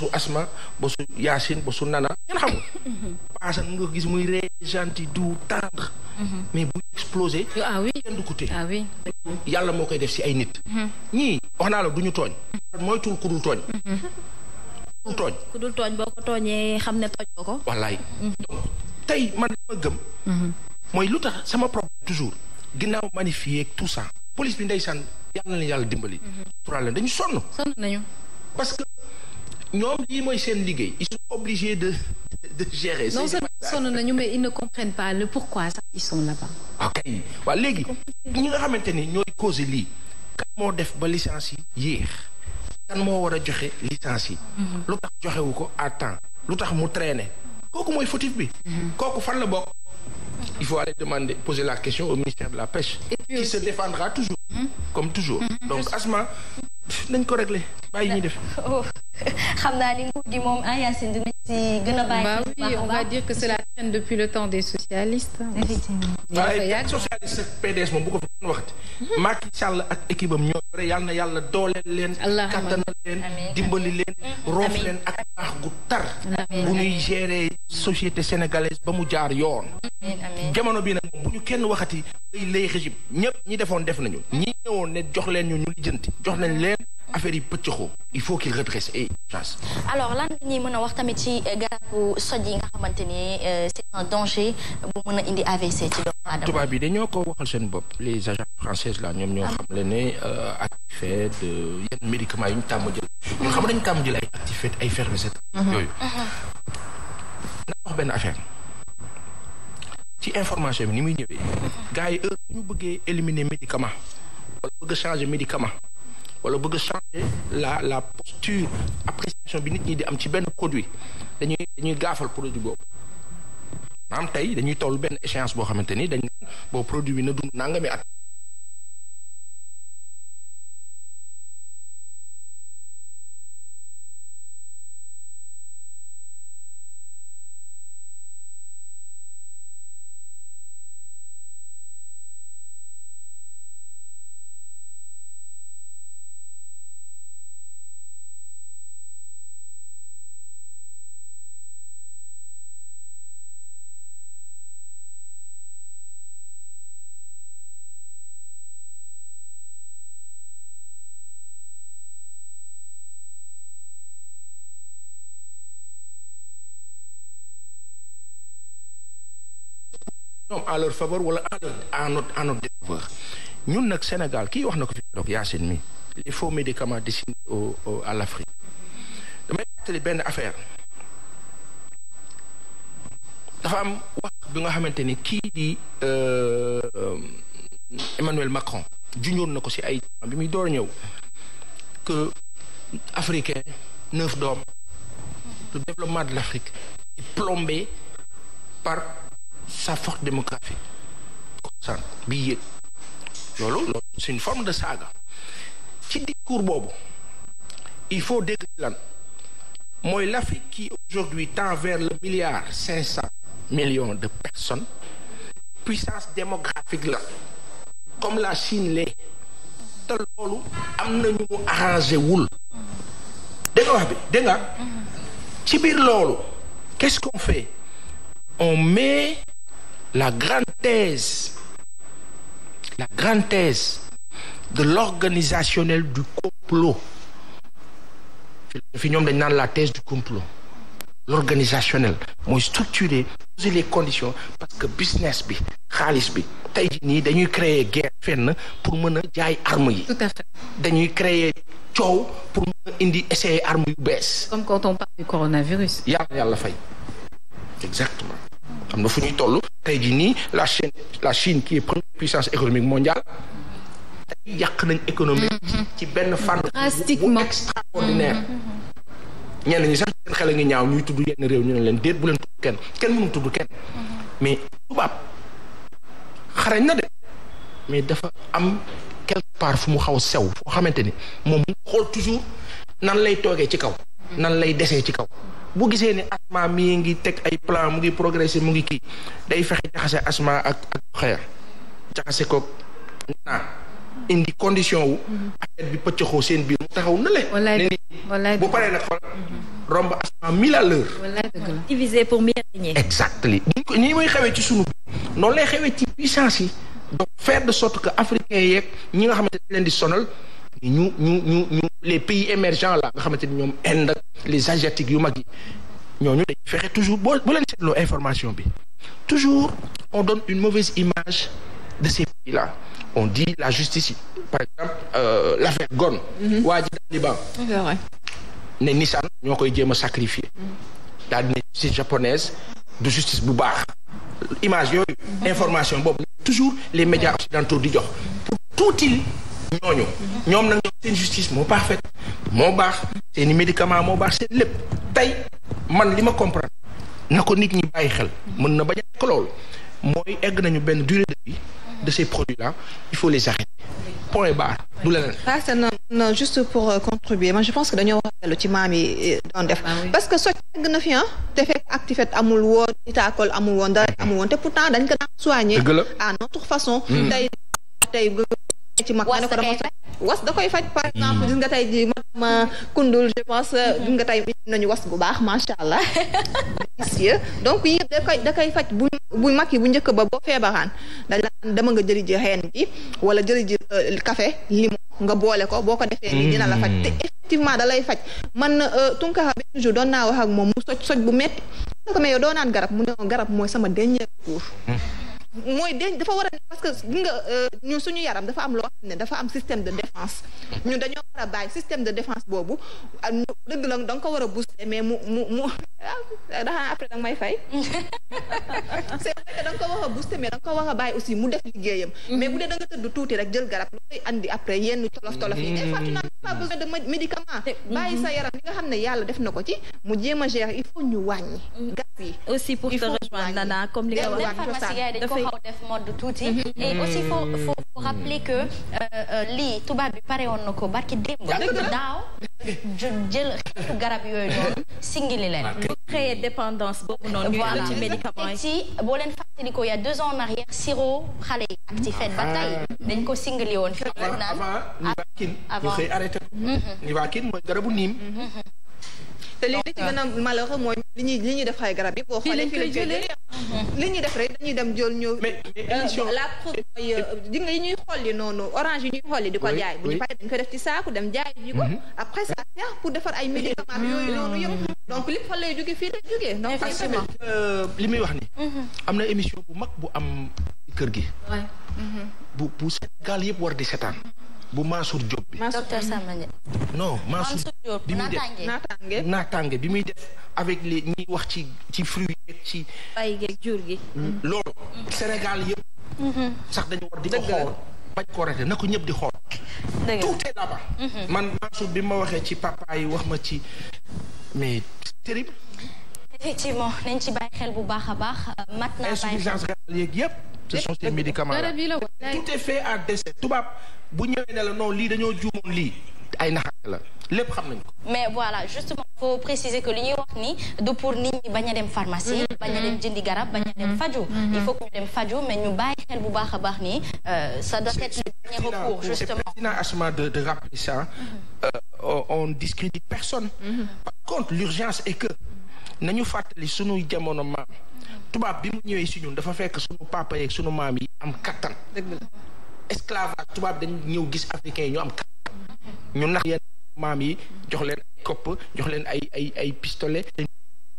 su asma ba su yaasin ba su nana ngeen xam nga paasan nga gis muy ree gentil doux tendre mais bu explosé ah kenn du ko téye ah yàlla moo koy def si a nit ñii wax naa la du ñu tooñ moytul ku dul tooñ ku dul tooñ ko tooñee xam ko wallaay tey man dama gëm mooy lu tax sama problème toujours ginnaaw magnifier tout ça police bi ndeysaan yàlla leen yàlla dimbali mhm. problème dañu sonn sonn nañu parce ñoom lii mooy seen liggéey ils sont obligés de de gérer. non seulement sonn nañu mais ils ne comprennent pas le pourquoi sax ils sont là-bas. ok waaw léegi ñi nga xamante ni ñooy causer lii kan moo def ba licence yi yéex kan moo war a joxe licence yi. Mhm. lu tax joxewu ko à temps lu tax mu traîner kooku mooy fautif bi. Mhm. kooku fan la bokk. il faut aller demander poser la question au ministère de la pêche. qui se défendra toujours. Mhm. comme toujours. donc asma nañ ko régler bàyyi ñuy def. Oh. xam naa ni nguur gi moom ah Yacine dina si gën a bàyyi. ba oui on va dire que cela traîne depuis le temps des socialistes. effectivement waaye socialiste moom bu ko fi doon waxati. Hmm? Macky Sall ak équipe am yal na yàlla dooleel leen. kattanal leen dimbali leen. Hmm, roof leen ak baax gu tar. bu ñuy gérer société sénégalaise ba mu jaar yoon. jamono bii nag bu ñu kenn waxati lay lay régime ñëpp ñi defoon def nañu ñi ñëwoon ne jox leen ñu ñu lijjanti jox nañ leen affaire yi pëccëxoo il faut qu'il redresse et urgence alors lan la ñuy mën a wax tamit ci eh, garabu soj yi nga xamante ni eh, c'est un danger bu mën indi AVC ci doomu aadama tubaab bi dañoo ko waxal seen bopp les agences françaises la ñoom ñoo xam le ne euh, actifet de yenn médicaments yi ñu tàmm jël ñun xam dañu tàmm jël ay actifet ay fermecet mhm. yooyu mhm. naa benn affaire ci information bi ni muy ñëwee gars yi heure bu ñu bëggee éliminer médicament wala bëgg a changer médicament wala bëgg a changer la la posture appréciation bi nit ñi di am ci benn produit dañuy dañuy gaafal produit boobu maanaam tey dañuy toll benn échance boo xamante ni dañ boo produit bi na dund mi at ñoom en leur wala en notre en nag Sénégal kii wax na ko fi mi les faux médicaments destinés benn affaire dafa am wax bi nga xamante ni kii di euh, Emmanuel Macron junjoon na ko si ay bi muy door ñëw que africain neuf doom le développement de l' Afrique par sa force démographique loolu loolu c'est une forme de saaga ci discours boobu il faut dégg lan mooy l'Afrique qui aujourd'hui tend vers le milliard cinq cent millions de personnes puissance démographique la comme la Chine l'est te loolu am nañu mu arrangé wul wax bi dégg mm-hmm. ci biir loolu qu'est-ce qu'on fait on met la grande thèse, de l'organisationnel du complot fi ñoom dañ naan la thèse du complot l'organisationnel mooy structurer poser les condition parce que business bi xaalis bi tey nii dañuy créer guerre fenn pour mën a jaay armes yi. tout dañuy créer coow pour mën a indi essayer armes yu bees. comme quand on parle du coronavirus. yàlla yàlla fay exactement. xam na fu ñuy toll tey jii nii la Chine la Chine kii est première puissance économique mondiale tey yàq nañ économie mhm. ci benn fànn bu extraordinaire mhm, mhm, ñenn ñi sax seen xel a ngi ñaaw ñuy tudd yenn réew ñu ne leen déet bu leen tudd kenn kenn mënu tudd kenn mais tubaab xarañ na de mais dafa am quelque part fu mu xaw sew foo xamante ni moom mu xool toujours nan lay toogee ci kaw nan lay desee ci kaw boo gisee ne asma mi ngi teg ay plan mu ngi progressé mu ngi kii day fexe jaxase asma ak ak xeer jaxase ko naa indi condition wu mhm. affaire bi pëccëxoo seen biir mu taxaw na le ne bu paree nag xool romb asma mille à l'heure divisé pour mieux régner exactement ni mooy xewee ci sunu noonu lay xewee ci puissance yi donc faire de sorte que africain yeeg ñi nga xamante ne leen di sonal ñu les pays émergents la nga xamante ni ñoom Inde les asiatiques yu mag yi ñooñu dañuy fexe toujours boo boo leen seetloo information bi toujours on donne une mauvaise image de ces pays là on dit la justice par exemple euh, l'affaire Gon mhm. waa ji Liban ne Nissan ñoo koy jéem a sacrifier mhm. daal di ne justice japonaise du justice bu baax image yooyu mhm. information boobu toujours les médias occidentaux di jox pour tout il ñooñu ñoom nag ñoom seen justice moo parfaite moo baax seeni médicament moo baax seen lépp tey man li ma comprendre na ko nit ñi bàyyi xel mën na bañ a nekk loolu mooy egg nañu benn durée de vie de ces produits là il faut les arrêter point barre du leneen. parce que non non juste pour euh, je pense que dañoo war a dellu ci maam yi euh, ah parce que socc egg na fi ah. te fekk activité amul woon itaakol woon dara amul woon te pourtant dañ ko daan soigner. à notre façon. Hmm. tey ci mag ko dama so da koy faj par hmm. exemple gis nga tey ma madame Koundoul je pense hmm. gis nga tey nañu was bu baax macha allah délicieux donc yëpp da koy da koy faj bu bu mag yi bu njëkk ba boo feebaraan da la dema nga jëri ji xeen bi wala jëri ji euh, café limon nga boole ko boo ko defee nii dina la faj hmm. te effectivement da lay faj man euh, Tunkara bi toujours doon naa wax ak moom mu soj soj bu metti na ko mais doo naan garab mu ne garab mooy sama dernier recours mooy dañ dafa war a parce que nga euh, suñu yaram dafa am loo xam ne dafa am système de défense ñun dañoo war a bàyyi système de défense boobu ah, dëgg la danga ko war a booster mais mu mu mu ah, après da nga may fay que da ko wax a booster mais da ko wax a bàyyi aussi mu def liggéeyam. Mm-hmm. mais bu dee da nga tëdd tuuti rek jël garab lu koy andi après yenn tolof tolof yi. des fois tu n'as pas besoin de médicament. Mm-hmm. bàyyi sa yaram li nga xam ne yàlla def na ko ci mu jéem a gérer il faut ñu wàññi. Mm-hmm. garab yi aussi pour te rejoindre Nana comme li nga wax. pharmacie gars yi dañ ko xaw def mode tuuti. et aussi faut faut rappeler euh, euh, lii tubaab bi pare woon na ko barki démb daaw. jël xeetu garab yooyu noonu singili leen. bu ah, créer dépendance boobu noonu. voilà ci médicament yi ci boo leen fàttali ko il y a deux ans en arrière sirop xale yi ak ci fête ba tey ah. dañ ko singili woon. fii avant Nivaquine. avant ñu koy arrêté. Mm-hmm. te li li ci gën li ñuy li ñuy def ay garab yi boo xoolee fii li ñuy def rek dañuy dem jël ñëw la preuve mooy euh, di nga yi ñuy xolli noonu orange yi ñuy xolli di ko jaay bu ñu paree def ci saaku dem jaay ji ko mm-hmm. après ça sert pour defar ay médicaments yooyu mm-hmm. noonu yëpp donc li fa lay jóge fii lay jógee euh, li muy wax ni mm-hmm. am na émission bu mag bu am kër gi bu bu Sénégal yëpp war di seetaan bu Mansour Diop bi. docteur Samba non Mansour Diop bi muy def naataange bi muy def avec les ñiy wax ci ci fruit yeeg ci. bay geeg jur gi. Mm. loolu. Sénégal yëpp. Mm-hmm. sax dañu war di ko xool. bañ ko rete na ko ñëpp di xool. tout est là mm-hmm. man Mansour bi ma waxee ci papa yi wax ma ci mais terrible. effectivement nañ ci bàyyi xel bu baax a baax. mat naa bàyyi xel insuffisance yëpp. ce sont ces médicaments tout est à décès tubaab bu ñëwee ne la non lii dañoo juumoon lii ay naxaate la lépp xam nañ ko. mais voilà justement faut préciser que li ñuy wax ni du pour nit ñi bañ a dem pharmacie. Mm-hmm. bañ a dem mm-hmm. jëndi garab bañ a dem mm-hmm. faju il faut que ñu dem faju mais ñu bàyyi xel bu baax a baax ni euh, ça doit être le dernier recours justement. c'est pertinent Asma de de rappeler ça. Euh, on discrédite personne. par contre l'urgence est que nañu fàttali suñuy jamono maam. tubaab bi mu ñëwee si ñun dafa fekk sunu papa yeeg sunu maam yi am kattan. dëgg la esclavage tubaab dañ ñëw gis africain yi ñu am kattan ñu nax yenn maam yi jox leen ay jox leen ay ay ay pistolet.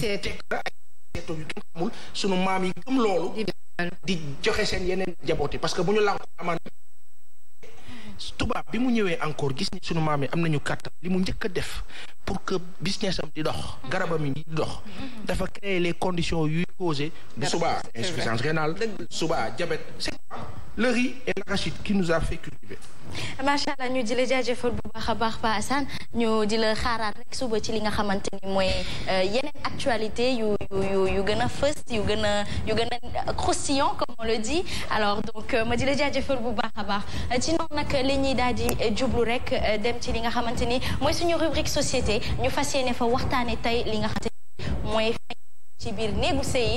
seete ay yu kenn xamul sunu maam yi gëm loolu. di joxe seen yeneen jaboot yi parce que bu ñu lànk amaan tubaab bi mu ñëwee encore gis ni suñu maam yi am nañu kàttan li mu njëkk a def pour que business am di dox garabam yi di dox dafa créer les conditions yuy causé suba insuffisance rénale suba diabète c'est le riz et l'arachide qui nous a ñu di la jaajëfal bu baax a baax Pa Assane ñu di la xaaraat rek suba ci li nga xamante ni mooy euh, yeneen actualité yu yu yu gën a fës yu gën a yu gëna a on le dit alors donc euh, ma di la jaajëfal bu baax a baax euh, ci noonu nag li ñuy daal di euh, jublu rek dem ci li nga xamante ni mooy suñu rubrique société ñu fas yéene fa waxtaane tey li nga xamante ni mooy fay ci biir néegu sëy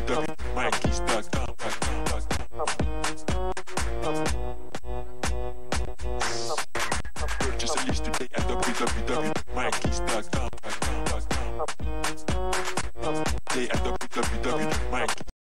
yi ah,